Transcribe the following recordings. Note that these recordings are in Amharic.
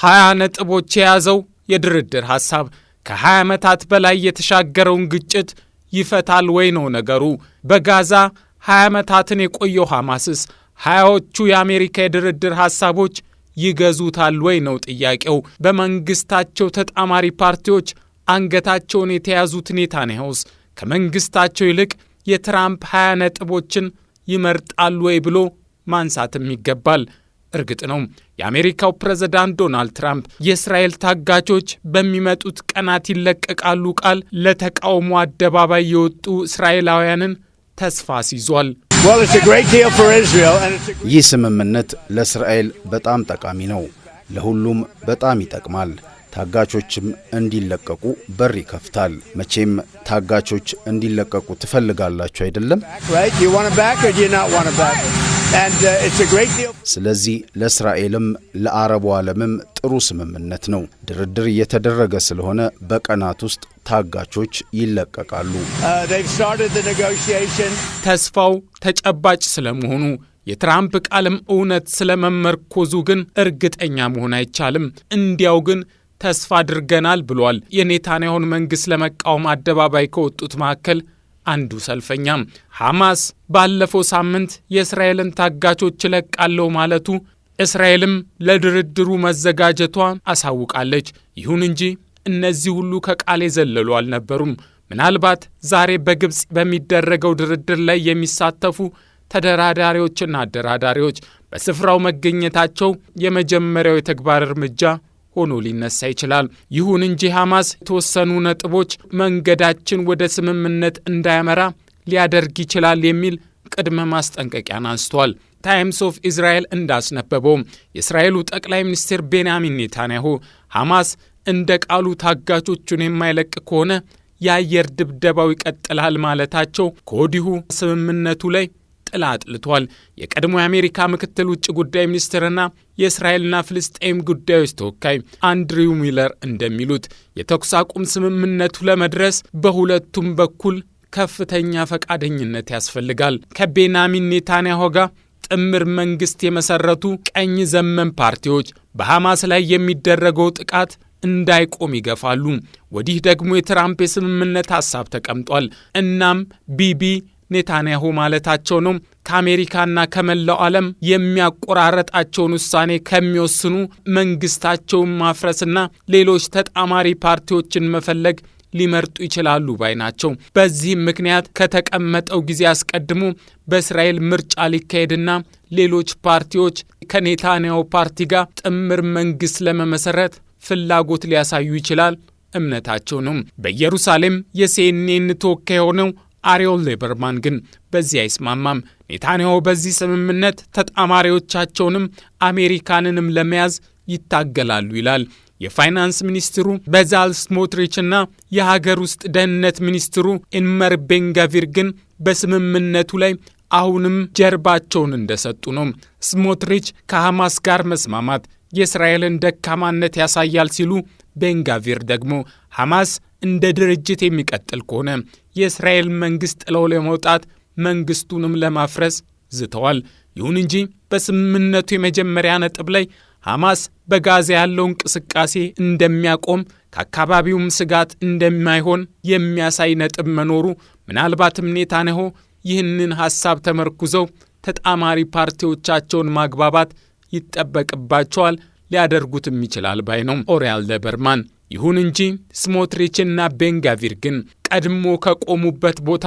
20 ነጥቦች የያዘው የድርድር ሐሳብ ከ20 ዓመታት በላይ የተሻገረውን ግጭት ይፈታል ወይ ነው ነገሩ። በጋዛ 20 ዓመታትን የቆየው ሐማስስ ሀያዎቹ የአሜሪካ የድርድር ሐሳቦች ይገዙታል ወይ ነው ጥያቄው። በመንግስታቸው ተጣማሪ ፓርቲዎች አንገታቸውን የተያዙት ኔታንያውስ ከመንግስታቸው ይልቅ የትራምፕ 20 ነጥቦችን ይመርጣሉ ወይ ብሎ ማንሳትም ይገባል። እርግጥ ነው የአሜሪካው ፕሬዝዳንት ዶናልድ ትራምፕ የእስራኤል ታጋቾች በሚመጡት ቀናት ይለቀቃሉ ቃል ለተቃውሞ አደባባይ የወጡ እስራኤላውያንን ተስፋ አስይዟል። ይህ ስምምነት ለእስራኤል በጣም ጠቃሚ ነው። ለሁሉም በጣም ይጠቅማል። ታጋቾችም እንዲለቀቁ በር ይከፍታል። መቼም ታጋቾች እንዲለቀቁ ትፈልጋላችሁ አይደለም? Uh, ስለዚህ ለእስራኤልም ለአረቡ ዓለምም ጥሩ ስምምነት ነው። ድርድር እየተደረገ ስለሆነ በቀናት ውስጥ ታጋቾች ይለቀቃሉ። uh, ተስፋው ተጨባጭ ስለመሆኑ የትራምፕ ቃልም እውነት ስለመመርኮዙ ግን እርግጠኛ መሆን አይቻልም። እንዲያው ግን ተስፋ አድርገናል ብሏል። የኔታንያሁን መንግሥት ለመቃወም አደባባይ ከወጡት መካከል አንዱ ሰልፈኛ ሐማስ ባለፈው ሳምንት የእስራኤልን ታጋቾች እለቃለሁ ማለቱ እስራኤልም ለድርድሩ መዘጋጀቷ አሳውቃለች። ይሁን እንጂ እነዚህ ሁሉ ከቃል የዘለሉ አልነበሩም። ምናልባት ዛሬ በግብፅ በሚደረገው ድርድር ላይ የሚሳተፉ ተደራዳሪዎችና አደራዳሪዎች በስፍራው መገኘታቸው የመጀመሪያው የተግባር እርምጃ ሆኖ ሊነሳ ይችላል። ይሁን እንጂ ሐማስ የተወሰኑ ነጥቦች መንገዳችን ወደ ስምምነት እንዳያመራ ሊያደርግ ይችላል የሚል ቅድመ ማስጠንቀቂያን አንስቷል። ታይምስ ኦፍ ኢዝራኤል እንዳስነበበው የእስራኤሉ ጠቅላይ ሚኒስትር ቤንያሚን ኔታንያሁ ሐማስ እንደ ቃሉ ታጋቾቹን የማይለቅ ከሆነ የአየር ድብደባው ይቀጥላል ማለታቸው ከወዲሁ ስምምነቱ ላይ ጥላ አጥልቷል። የቀድሞ የአሜሪካ ምክትል ውጭ ጉዳይ ሚኒስትርና የእስራኤልና ፍልስጤም ጉዳዮች ተወካይ አንድሪው ሚለር እንደሚሉት የተኩስ አቁም ስምምነቱ ለመድረስ በሁለቱም በኩል ከፍተኛ ፈቃደኝነት ያስፈልጋል። ከቤንያሚን ኔታንያሁ ጋር ጥምር መንግስት የመሰረቱ ቀኝ ዘመን ፓርቲዎች በሐማስ ላይ የሚደረገው ጥቃት እንዳይቆም ይገፋሉ። ወዲህ ደግሞ የትራምፕ የስምምነት ሐሳብ ተቀምጧል። እናም ቢቢ ኔታንያሁ ማለታቸው ነው። ከአሜሪካና ከመላው ዓለም የሚያቆራረጣቸውን ውሳኔ ከሚወስኑ መንግስታቸውን ማፍረስና ሌሎች ተጣማሪ ፓርቲዎችን መፈለግ ሊመርጡ ይችላሉ ባይ ናቸው። በዚህም ምክንያት ከተቀመጠው ጊዜ አስቀድሞ በእስራኤል ምርጫ ሊካሄድና ሌሎች ፓርቲዎች ከኔታንያሁ ፓርቲ ጋር ጥምር መንግስት ለመመሰረት ፍላጎት ሊያሳዩ ይችላል እምነታቸው ነው። በኢየሩሳሌም የሲኤንኤን ተወካይ የሆነው አሪዮል ሌበርማን ግን በዚህ አይስማማም። ኔታንያሁ በዚህ ስምምነት ተጣማሪዎቻቸውንም አሜሪካንንም ለመያዝ ይታገላሉ ይላል። የፋይናንስ ሚኒስትሩ በዛል ስሞትሪች የሀገር ውስጥ ደህንነት ሚኒስትሩ ኢንመር ቤንጋቪር ግን በስምምነቱ ላይ አሁንም ጀርባቸውን እንደሰጡ ነው። ስሞትሪች ከሐማስ ጋር መስማማት የእስራኤልን ደካማነት ያሳያል ሲሉ ቤንጋቪር ደግሞ ሐማስ እንደ ድርጅት የሚቀጥል ከሆነ የእስራኤል መንግሥት ጥለው ለመውጣት መንግስቱንም ለማፍረስ ዝተዋል። ይሁን እንጂ በስምምነቱ የመጀመሪያ ነጥብ ላይ ሐማስ በጋዛ ያለው እንቅስቃሴ እንደሚያቆም ከአካባቢውም ስጋት እንደማይሆን የሚያሳይ ነጥብ መኖሩ ምናልባትም ኔታንያሁ ይህንን ሐሳብ ተመርኩዘው ተጣማሪ ፓርቲዎቻቸውን ማግባባት ይጠበቅባቸዋል። ሊያደርጉትም ይችላል ባይ ነው ኦሪያል ለበርማን። ይሁን እንጂ ስሞትሪችና ቤንጋቪር ግን ቀድሞ ከቆሙበት ቦታ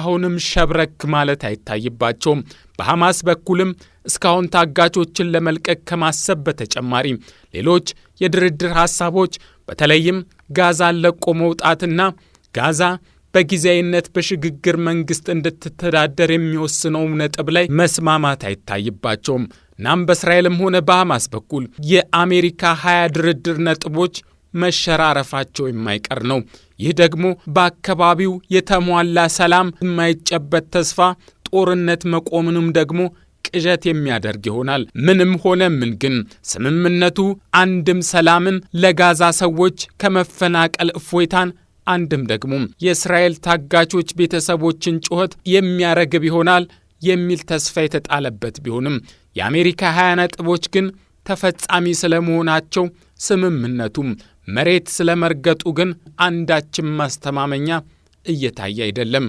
አሁንም ሸብረክ ማለት አይታይባቸውም። በሐማስ በኩልም እስካሁን ታጋቾችን ለመልቀቅ ከማሰብ በተጨማሪ ሌሎች የድርድር ሐሳቦች በተለይም ጋዛን ለቆ መውጣትና ጋዛ በጊዜያዊነት በሽግግር መንግስት እንድትተዳደር የሚወስነው ነጥብ ላይ መስማማት አይታይባቸውም። እናም በእስራኤልም ሆነ በሐማስ በኩል የአሜሪካ ሀያ ድርድር ነጥቦች መሸራረፋቸው የማይቀር ነው። ይህ ደግሞ በአካባቢው የተሟላ ሰላም የማይጨበት ተስፋ ጦርነት መቆምንም ደግሞ ቅዠት የሚያደርግ ይሆናል። ምንም ሆነ ምን ግን ስምምነቱ አንድም ሰላምን ለጋዛ ሰዎች ከመፈናቀል እፎይታን አንድም ደግሞ የእስራኤል ታጋቾች ቤተሰቦችን ጩኸት የሚያረግብ ይሆናል የሚል ተስፋ የተጣለበት ቢሆንም የአሜሪካ 20 ነጥቦች ግን ተፈጻሚ ስለመሆናቸው ስምምነቱም መሬት ስለመርገጡ ግን አንዳችም ማስተማመኛ እየታየ አይደለም።